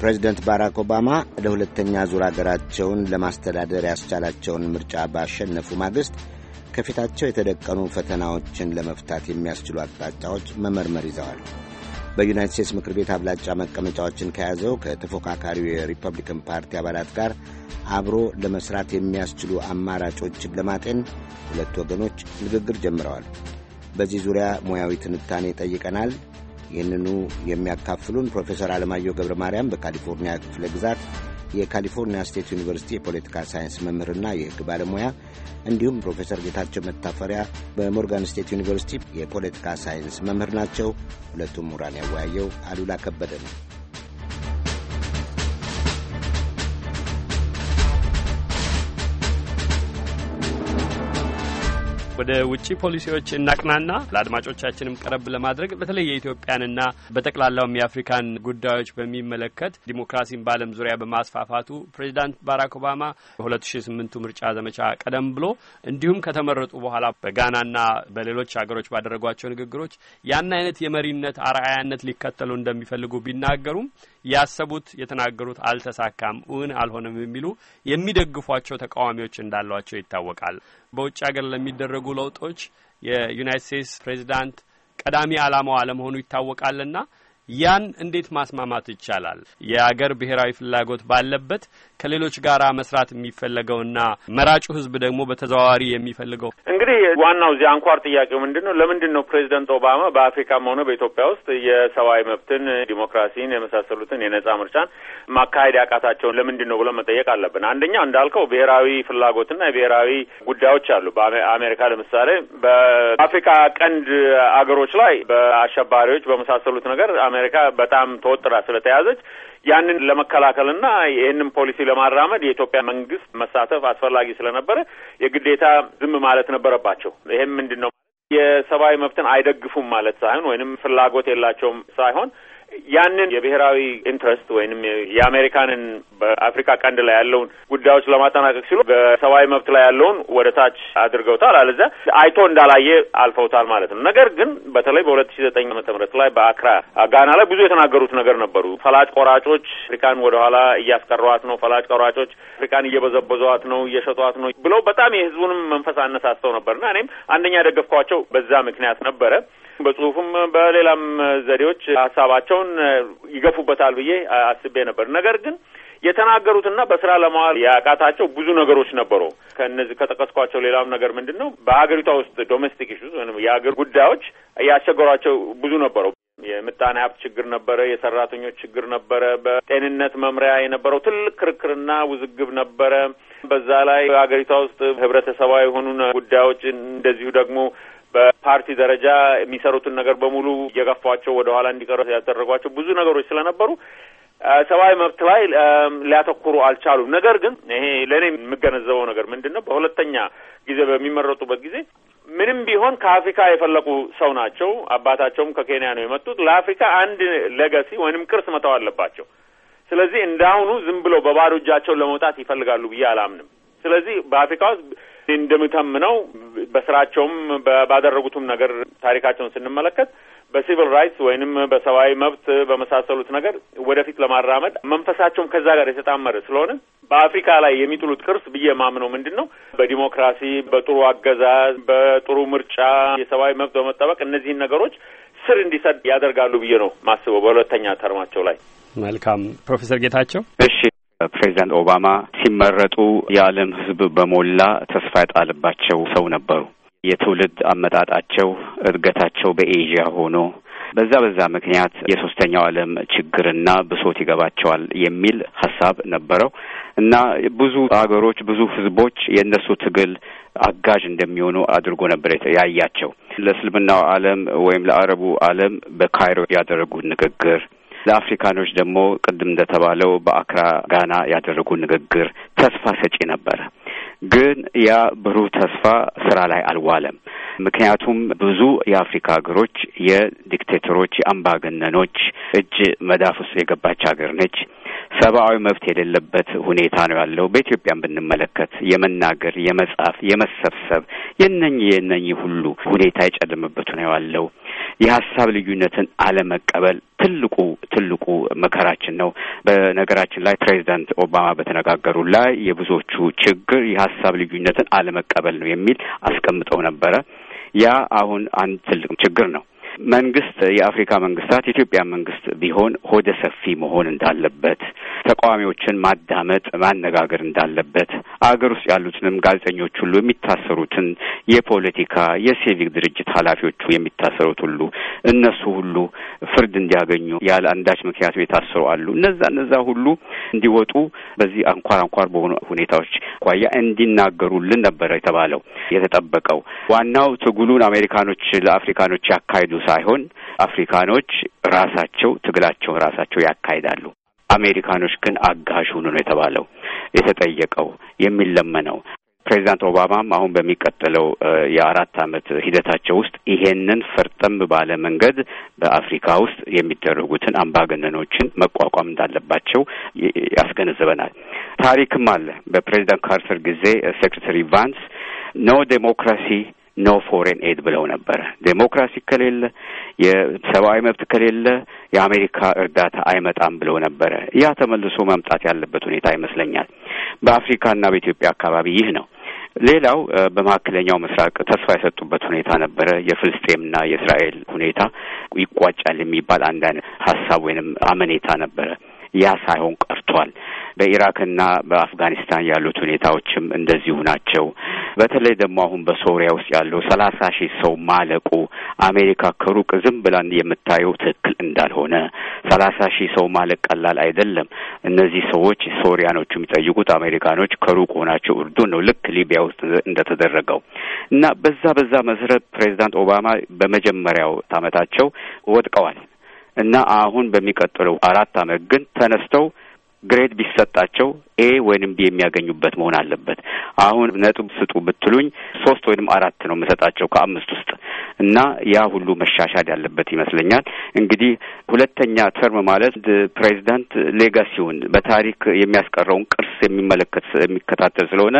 ፕሬዚደንት ባራክ ኦባማ ለሁለተኛ ዙር አገራቸውን ለማስተዳደር ያስቻላቸውን ምርጫ ባሸነፉ ማግስት ከፊታቸው የተደቀኑ ፈተናዎችን ለመፍታት የሚያስችሉ አቅጣጫዎች መመርመር ይዘዋል። በዩናይት ስቴትስ ምክር ቤት አብላጫ መቀመጫዎችን ከያዘው ከተፎካካሪው የሪፐብሊካን ፓርቲ አባላት ጋር አብሮ ለመስራት የሚያስችሉ አማራጮችን ለማጤን ሁለት ወገኖች ንግግር ጀምረዋል። በዚህ ዙሪያ ሙያዊ ትንታኔ ጠይቀናል። ይህንኑ የሚያካፍሉን ፕሮፌሰር አለማየሁ ገብረ ማርያም በካሊፎርኒያ ክፍለ ግዛት የካሊፎርኒያ ስቴት ዩኒቨርሲቲ የፖለቲካ ሳይንስ መምህርና የሕግ ባለሙያ እንዲሁም ፕሮፌሰር ጌታቸው መታፈሪያ በሞርጋን ስቴት ዩኒቨርሲቲ የፖለቲካ ሳይንስ መምህር ናቸው። ሁለቱም ምሁራን ያወያየው አሉላ ከበደ ነው። ወደ ውጭ ፖሊሲዎች እናቅናና ለአድማጮቻችንም ቀረብ ለማድረግ በተለይ የኢትዮጵያንና በጠቅላላውም የአፍሪካን ጉዳዮች በሚመለከት ዲሞክራሲን በዓለም ዙሪያ በማስፋፋቱ ፕሬዚዳንት ባራክ ኦባማ በ2008ቱ ምርጫ ዘመቻ ቀደም ብሎ እንዲሁም ከተመረጡ በኋላ በጋናና በሌሎች ሀገሮች ባደረጓቸው ንግግሮች ያን አይነት የመሪነት አርአያነት ሊከተሉ እንደሚፈልጉ ቢናገሩም ያሰቡት የተናገሩት አልተሳካም፣ እውን አልሆነም የሚሉ የሚደግፏቸው ተቃዋሚዎች እንዳሏቸው ይታወቃል። በውጭ ሀገር ለሚደረጉ ለውጦች የዩናይት ስቴትስ ፕሬዚዳንት ቀዳሚ ዓላማዋ ለመሆኑ ይታወቃልና ያን እንዴት ማስማማት ይቻላል? የአገር ብሔራዊ ፍላጎት ባለበት ከሌሎች ጋር መስራት የሚፈለገውና መራጩ ህዝብ ደግሞ በተዘዋዋሪ የሚፈልገው እንግዲህ ዋናው እዚህ አንኳር ጥያቄው ምንድን ነው? ለምንድን ነው ፕሬዚደንት ኦባማ በአፍሪካም ሆነ በኢትዮጵያ ውስጥ የሰብአዊ መብትን፣ ዲሞክራሲን የመሳሰሉትን የነጻ ምርጫን ማካሄድ ያቃታቸውን ለምንድን ነው ብሎ መጠየቅ አለብን። አንደኛ እንዳልከው ብሔራዊ ፍላጎትና የብሔራዊ ጉዳዮች አሉ። በአሜሪካ ለምሳሌ በአፍሪካ ቀንድ አገሮች ላይ በአሸባሪዎች በመሳሰሉት ነገር አሜሪካ በጣም ተወጥራ ስለተያዘች ያንን ለመከላከልና ይህንን ፖሊሲ ለማራመድ የኢትዮጵያ መንግስት መሳተፍ አስፈላጊ ስለነበረ የግዴታ ዝም ማለት ነበረባቸው። ይህም ምንድን ነው የሰብአዊ መብትን አይደግፉም ማለት ሳይሆን ወይንም ፍላጎት የላቸውም ሳይሆን ያንን የብሔራዊ ኢንትረስት ወይንም የአሜሪካንን በአፍሪካ ቀንድ ላይ ያለውን ጉዳዮች ለማጠናቀቅ ሲሉ በሰብአዊ መብት ላይ ያለውን ወደ ታች አድርገውታል። አለዚያ አይቶ እንዳላየ አልፈውታል ማለት ነው። ነገር ግን በተለይ በሁለት ሺ ዘጠኝ ዓመተ ምህረት ላይ በአክራ ጋና ላይ ብዙ የተናገሩት ነገር ነበሩ። ፈላጭ ቆራጮች አፍሪካን ወደኋላ እያስቀሯት ነው፣ ፈላጭ ቆራጮች አፍሪካን እየበዘበዟት ነው፣ እየሸጧት ነው ብለው በጣም የህዝቡንም መንፈስ አነሳስተው ነበርና እኔም አንደኛ ደገፍኳቸው በዛ ምክንያት ነበረ። በጽሁፍም በሌላም ዘዴዎች ሀሳባቸውን ይገፉበታል ብዬ አስቤ ነበር። ነገር ግን የተናገሩትና በስራ ለማዋል ያቃታቸው ብዙ ነገሮች ነበሩ። ከእነዚህ ከጠቀስኳቸው ሌላም ነገር ምንድን ነው በሀገሪቷ ውስጥ ዶሜስቲክ ኢሹስ ወይም የሀገር ጉዳዮች እያስቸገሯቸው ብዙ ነበሩ። የምጣኔ ሀብት ችግር ነበረ። የሰራተኞች ችግር ነበረ። በጤንነት መምሪያ የነበረው ትልቅ ክርክርና ውዝግብ ነበረ። በዛ ላይ ሀገሪቷ ውስጥ ህብረተሰባዊ የሆኑ ጉዳዮች እንደዚሁ ደግሞ በፓርቲ ደረጃ የሚሰሩትን ነገር በሙሉ እየገፏቸው ወደ ኋላ እንዲቀሩ ያደረጓቸው ብዙ ነገሮች ስለነበሩ ሰብአዊ መብት ላይ ሊያተኩሩ አልቻሉም። ነገር ግን ይሄ ለእኔ የምገነዘበው ነገር ምንድን ነው፣ በሁለተኛ ጊዜ በሚመረጡበት ጊዜ ምንም ቢሆን ከአፍሪካ የፈለቁ ሰው ናቸው። አባታቸውም ከኬንያ ነው የመጡት። ለአፍሪካ አንድ ሌጋሲ ወይንም ቅርስ መተው አለባቸው። ስለዚህ እንዳሁኑ ዝም ብሎ በባዶ እጃቸውን ለመውጣት ይፈልጋሉ ብዬ አላምንም። ስለዚህ በአፍሪካ ውስጥ እንደምተምነው በስራቸውም ባደረጉትም ነገር ታሪካቸውን ስንመለከት በሲቪል ራይትስ ወይንም በሰብአዊ መብት በመሳሰሉት ነገር ወደፊት ለማራመድ መንፈሳቸውም ከዛ ጋር የተጣመረ ስለሆነ በአፍሪካ ላይ የሚጥሉት ቅርስ ብዬ ማምነው ምንድን ነው በዲሞክራሲ፣ በጥሩ አገዛዝ፣ በጥሩ ምርጫ፣ የሰብአዊ መብት በመጠበቅ እነዚህን ነገሮች ስር እንዲሰድ ያደርጋሉ ብዬ ነው ማስበው በሁለተኛ ተርማቸው ላይ። መልካም ፕሮፌሰር ጌታቸው እሺ ፕሬዚዳንት ኦባማ ሲመረጡ የዓለም ሕዝብ በሞላ ተስፋ የጣለባቸው ሰው ነበሩ። የትውልድ አመጣጣቸው እድገታቸው በኤዥያ ሆኖ በዛ በዛ ምክንያት የሶስተኛው ዓለም ችግርና ብሶት ይገባቸዋል የሚል ሀሳብ ነበረው እና ብዙ አገሮች ብዙ ህዝቦች የእነሱ ትግል አጋዥ እንደሚሆኑ አድርጎ ነበር ያያቸው። ለእስልምናው ዓለም ወይም ለአረቡ ዓለም በካይሮ ያደረጉት ንግግር ለአፍሪካኖች ደግሞ ቅድም እንደተባለው በአክራ ጋና ያደረጉ ንግግር ተስፋ ሰጪ ነበረ። ግን ያ ብሩህ ተስፋ ስራ ላይ አልዋለም። ምክንያቱም ብዙ የአፍሪካ ሀገሮች የዲክቴተሮች፣ የአምባገነኖች እጅ መዳፍ ውስጥ የገባች ሀገር ነች። ሰብአዊ መብት የሌለበት ሁኔታ ነው ያለው። በኢትዮጵያን ብንመለከት የመናገር፣ የመጻፍ፣ የመሰብሰብ የነኝ የነኝ ሁሉ ሁኔታ የጨለመበት ነው ያለው። የሀሳብ ልዩነትን አለመቀበል ትልቁ ትልቁ መከራችን ነው። በነገራችን ላይ ፕሬዚዳንት ኦባማ በተነጋገሩ ላይ የብዙዎቹ ችግር የሀሳብ ልዩነትን አለመቀበል ነው የሚል አስቀምጠው ነበረ። ያ አሁን አንድ ትልቅ ችግር ነው። መንግስት የአፍሪካ መንግስታት የኢትዮጵያ መንግስት ቢሆን ሆደ ሰፊ መሆን እንዳለበት፣ ተቃዋሚዎችን ማዳመጥ ማነጋገር እንዳለበት፣ አገር ውስጥ ያሉትንም ጋዜጠኞች ሁሉ የሚታሰሩትን የፖለቲካ የሲቪክ ድርጅት ኃላፊዎቹ የሚታሰሩት ሁሉ እነሱ ሁሉ ፍርድ እንዲያገኙ ያለ አንዳች ምክንያቱ የታሰሩ አሉ። እነዛ እነዛ ሁሉ እንዲወጡ በዚህ አንኳር አንኳር በሆኑ ሁኔታዎች ኳያ እንዲናገሩልን ነበረ የተባለው የተጠበቀው ዋናው ትግሉን አሜሪካኖች ለአፍሪካኖች ያካሂዱ ሳይሆን አፍሪካኖች ራሳቸው ትግላቸውን ራሳቸው ያካሂዳሉ። አሜሪካኖች ግን አጋዥ ሁኑ ነው የተባለው፣ የተጠየቀው፣ የሚለመነው። ፕሬዚዳንት ኦባማም አሁን በሚቀጥለው የአራት ዓመት ሂደታቸው ውስጥ ይሄንን ፈርጠም ባለ መንገድ በአፍሪካ ውስጥ የሚደረጉትን አምባገነኖችን መቋቋም እንዳለባቸው ያስገነዝበናል። ታሪክም አለ። በፕሬዚዳንት ካርተር ጊዜ ሴክሬታሪ ቫንስ ኖ ዴሞክራሲ ኖ ፎሬን ኤድ ብለው ነበረ። ዴሞክራሲ ከሌለ፣ የሰብአዊ መብት ከሌለ የአሜሪካ እርዳታ አይመጣም ብለው ነበረ። ያ ተመልሶ መምጣት ያለበት ሁኔታ ይመስለኛል። በአፍሪካና በኢትዮጵያ አካባቢ ይህ ነው። ሌላው በመካከለኛው ምስራቅ ተስፋ የሰጡበት ሁኔታ ነበረ። የፍልስጤምና የእስራኤል ሁኔታ ይቋጫል የሚባል አንዳንድ ሀሳብ ወይንም አመኔታ ነበረ። ያ ሳይሆን ቀርቷል። በኢራክና በአፍጋኒስታን ያሉት ሁኔታዎችም እንደዚሁ ናቸው። በተለይ ደግሞ አሁን በሶሪያ ውስጥ ያለው ሰላሳ ሺህ ሰው ማለቁ አሜሪካ ከሩቅ ዝም ብላን የምታየው ትክክል እንዳልሆነ ሰላሳ ሺህ ሰው ማለቅ ቀላል አይደለም። እነዚህ ሰዎች ሶሪያኖቹ የሚጠይቁት አሜሪካኖች ከሩቅ ሆናቸው እርዱ ነው ልክ ሊቢያ ውስጥ እንደተደረገው እና በዛ በዛ መሰረት ፕሬዚዳንት ኦባማ በመጀመሪያው ዓመታቸው ወድቀዋል እና አሁን በሚቀጥለው አራት ዓመት ግን ተነስተው ግሬድ ቢሰጣቸው ኤ ወይንም ቢ የሚያገኙበት መሆን አለበት። አሁን ነጥብ ስጡ ብትሉኝ ሶስት ወይንም አራት ነው የምሰጣቸው ከአምስት ውስጥ እና ያ ሁሉ መሻሻል ያለበት ይመስለኛል። እንግዲህ ሁለተኛ ተርም ማለት ፕሬዚዳንት ሌጋሲውን በታሪክ የሚያስቀረውን ቅርስ የሚመለከት የሚከታተል ስለሆነ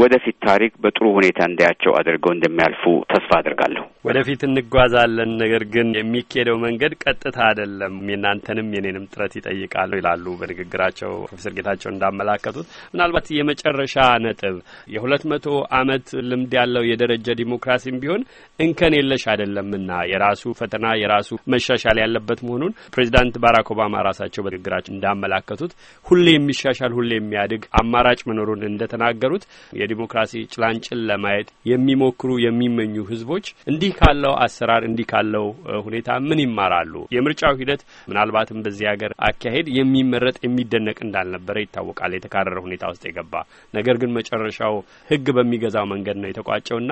ወደፊት ታሪክ በጥሩ ሁኔታ እንዳያቸው አድርገው እንደሚያልፉ ተስፋ አድርጋለሁ። ወደፊት እንጓዛለን፣ ነገር ግን የሚኬደው መንገድ ቀጥታ አይደለም፣ የእናንተንም የኔንም ጥረት ይጠይቃሉ ይላሉ በንግግራቸው ፕሮፌሰር ጌታቸው እንዳመላከቱት። ምናልባት የመጨረሻ ነጥብ የሁለት መቶ አመት ልምድ ያለው የደረጀ ዲሞክራሲም ቢሆን እንከን የለሽ አይደለምና የራሱ ፈተና የራሱ መሻሻል ያለበት መሆኑን ፕሬዚዳንት ባራክ ኦባማ ራሳቸው በንግግራቸው እንዳመላከቱት ሁሌ የሚሻሻል ሁሌ የሚያድግ አማራጭ መኖሩን እንደተናገሩት የዲሞክራሲ ጭላንጭል ለማየት የሚሞክሩ የሚመኙ ህዝቦች እንዲህ ካለው አሰራር እንዲህ ካለው ሁኔታ ምን ይማራሉ? የምርጫው ሂደት ምናልባትም በዚህ ሀገር አካሄድ የሚመረጥ የሚደነቅ እንዳልነበረ ይታወቃል። የተካረረ ሁኔታ ውስጥ የገባ ነገር ግን መጨረሻው ህግ በሚገዛው መንገድ ነው የተቋጨውና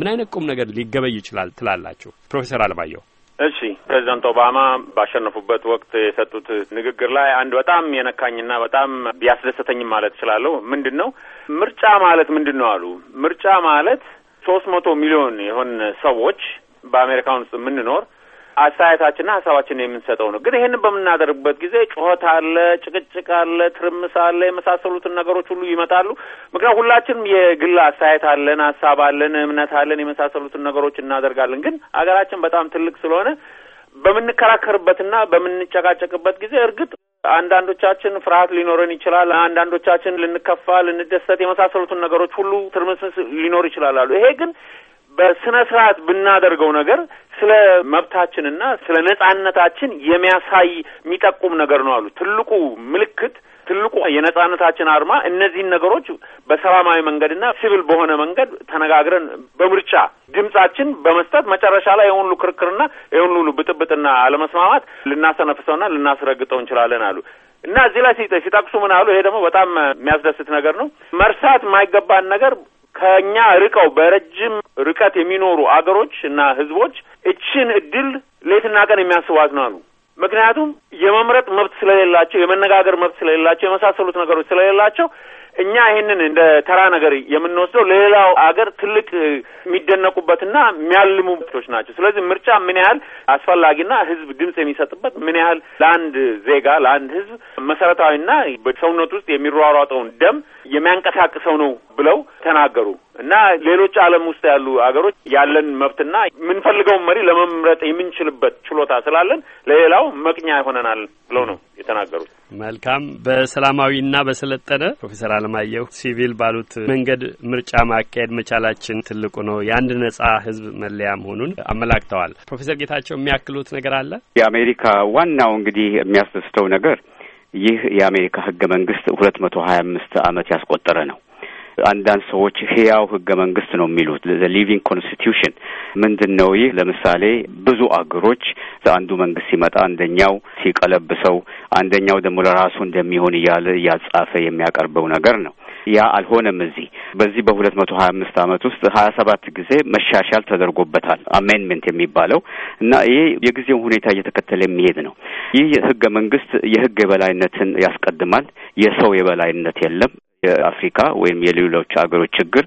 ምን አይነት ቁም ነገር ሊገበይ ይችላል ትላላችሁ? ፕሮፌሰር አለማየሁ እሺ ፕሬዚዳንት ኦባማ ባሸነፉበት ወቅት የሰጡት ንግግር ላይ አንድ በጣም የነካኝና በጣም ቢያስደሰተኝም ማለት እችላለሁ። ምንድን ነው ምርጫ ማለት ምንድን ነው አሉ። ምርጫ ማለት ሶስት መቶ ሚሊዮን የሆን ሰዎች በአሜሪካን ውስጥ የምንኖር አስተያየታችንና ሀሳባችን የምንሰጠው ነው። ግን ይህንን በምናደርግበት ጊዜ ጩኸት አለ፣ ጭቅጭቅ አለ፣ ትርምስ አለ፣ የመሳሰሉትን ነገሮች ሁሉ ይመጣሉ። ምክንያቱም ሁላችንም የግል አስተያየት አለን፣ ሀሳብ አለን፣ እምነት አለን፣ የመሳሰሉትን ነገሮች እናደርጋለን። ግን ሀገራችን በጣም ትልቅ ስለሆነ በምንከራከርበትና በምንጨቃጨቅበት ጊዜ እርግጥ አንዳንዶቻችን ፍርሃት ሊኖረን ይችላል። አንዳንዶቻችን ልንከፋ፣ ልንደሰት የመሳሰሉትን ነገሮች ሁሉ ትርምስ ሊኖር ይችላል አሉ። ይሄ ግን በስነ ስርዓት ብናደርገው ነገር ስለ መብታችንና ስለ ነጻነታችን የሚያሳይ የሚጠቁም ነገር ነው አሉ። ትልቁ ምልክት ትልቁ የነጻነታችን አርማ እነዚህን ነገሮች በሰላማዊ መንገድና ሲቪል በሆነ መንገድ ተነጋግረን በምርጫ ድምጻችን በመስጠት መጨረሻ ላይ የሁሉ ክርክርና የሁሉ ብጥብጥና አለመስማማት ልናሰነፍሰውና ልናስረግጠው እንችላለን አሉ እና እዚህ ላይ ሲጠቅሱ ምን አሉ? ይሄ ደግሞ በጣም የሚያስደስት ነገር ነው። መርሳት የማይገባን ነገር ከእኛ ርቀው በረጅም ርቀት የሚኖሩ አገሮች እና ህዝቦች እችን እድል ሌትና ቀን የሚያስቧት ነው አሉ። ምክንያቱም የመምረጥ መብት ስለሌላቸው፣ የመነጋገር መብት ስለሌላቸው፣ የመሳሰሉት ነገሮች ስለሌላቸው እኛ ይህንን እንደ ተራ ነገር የምንወስደው ለሌላው አገር ትልቅ የሚደነቁበትና የሚያልሙ ቶች ናቸው። ስለዚህ ምርጫ ምን ያህል አስፈላጊና ህዝብ ድምጽ የሚሰጥበት ምን ያህል ለአንድ ዜጋ ለአንድ ህዝብ መሰረታዊና በሰውነት ውስጥ የሚሯሯጠውን ደም የሚያንቀሳቅሰው ነው ብለው ተናገሩ እና ሌሎች ዓለም ውስጥ ያሉ አገሮች ያለን መብትና የምንፈልገውን መሪ ለመምረጥ የምንችልበት ችሎታ ስላለን ለሌላው መቅኛ ይሆነናል ብለው ነው የተናገሩት። መልካም በሰላማዊና በሰለጠነ ፕሮፌሰር አለማየሁ ሲቪል ባሉት መንገድ ምርጫ ማካሄድ መቻላችን ትልቁ ነው የአንድ ነጻ ህዝብ መለያ መሆኑን አመላክተዋል። ፕሮፌሰር ጌታቸው የሚያክሉት ነገር አለ? የአሜሪካ ዋናው እንግዲህ የሚያስደስተው ነገር ይህ የአሜሪካ ህገ መንግስት ሁለት መቶ ሀያ አምስት አመት ያስቆጠረ ነው። አንዳንድ ሰዎች ህያው ህገ መንግስት ነው የሚሉት ሊቪንግ ኮንስቲቱሽን ምንድን ነው? ይህ ለምሳሌ ብዙ አገሮች አንዱ መንግስት ሲመጣ አንደኛው ሲቀለብሰው፣ አንደኛው ደግሞ ለራሱ እንደሚሆን እያለ እያጻፈ የሚያቀርበው ነገር ነው። ያ አልሆነም። እዚህ በዚህ በሁለት መቶ ሀያ አምስት አመት ውስጥ ሀያ ሰባት ጊዜ መሻሻል ተደርጎበታል አሜንድመንት የሚባለው እና ይህ የጊዜውን ሁኔታ እየተከተለ የሚሄድ ነው። ይህ ህገ መንግስት የህግ የበላይነትን ያስቀድማል። የሰው የበላይነት የለም። የአፍሪካ ወይም የሌሎች ሀገሮች ችግር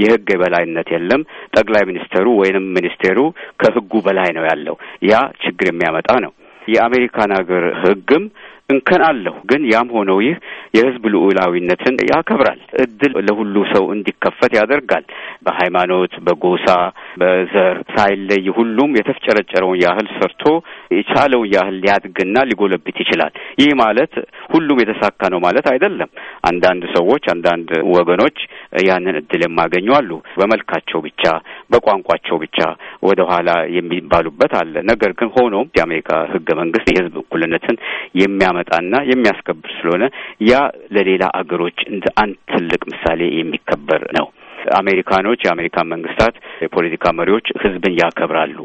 የህግ የበላይነት የለም። ጠቅላይ ሚኒስትሩ ወይንም ሚኒስቴሩ ከህጉ በላይ ነው ያለው። ያ ችግር የሚያመጣ ነው። የአሜሪካን ሀገር ህግም እንከን አለሁ። ግን ያም ሆነው ይህ የህዝብ ልዑላዊነትን ያከብራል። እድል ለሁሉ ሰው እንዲከፈት ያደርጋል። በሃይማኖት፣ በጎሳ፣ በዘር ሳይለይ ሁሉም የተፍጨረጨረውን ያህል ሰርቶ የቻለውን ያህል ሊያድግና ሊጎለብት ይችላል። ይህ ማለት ሁሉም የተሳካ ነው ማለት አይደለም። አንዳንድ ሰዎች፣ አንዳንድ ወገኖች ያንን እድል የማገኙ አሉ። በመልካቸው ብቻ፣ በቋንቋቸው ብቻ ወደ ኋላ የሚባሉበት አለ። ነገር ግን ሆኖም የአሜሪካ ህገ መንግስት የህዝብ እኩልነትን የሚያ የሚያመጣና የሚያስከብር ስለሆነ ያ ለሌላ አገሮች እንደ አንድ ትልቅ ምሳሌ የሚከበር ነው። አሜሪካኖች፣ የአሜሪካ መንግስታት፣ የፖለቲካ መሪዎች ህዝብን ያከብራሉ።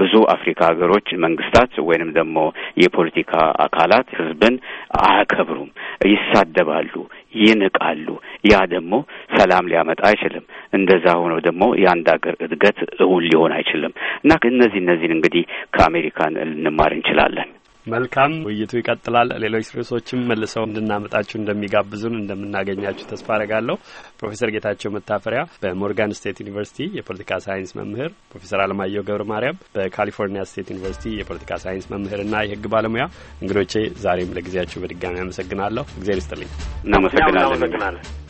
ብዙ አፍሪካ ሀገሮች መንግስታት ወይንም ደግሞ የፖለቲካ አካላት ህዝብን አያከብሩም፣ ይሳደባሉ፣ ይንቃሉ። ያ ደግሞ ሰላም ሊያመጣ አይችልም። እንደዛ ሆኖ ደግሞ የአንድ ሀገር እድገት እውን ሊሆን አይችልም እና እነዚህ እነዚህን እንግዲህ ከአሜሪካን ልንማር እንችላለን። መልካም ውይይቱ ይቀጥላል። ሌሎች ርዕሶችም መልሰው እንድናመጣችሁ እንደሚጋብዙን እንደምናገኛችሁ ተስፋ አረጋለሁ። ፕሮፌሰር ጌታቸው መታፈሪያ በሞርጋን ስቴት ዩኒቨርሲቲ የፖለቲካ ሳይንስ መምህር፣ ፕሮፌሰር አለማየሁ ገብረ ማርያም በካሊፎርኒያ ስቴት ዩኒቨርሲቲ የፖለቲካ ሳይንስ መምህርና የህግ ባለሙያ እንግዶቼ፣ ዛሬም ለጊዜያችሁ በድጋሚ አመሰግናለሁ። እግዜር ይስጥልኝ። እናመሰግናለን።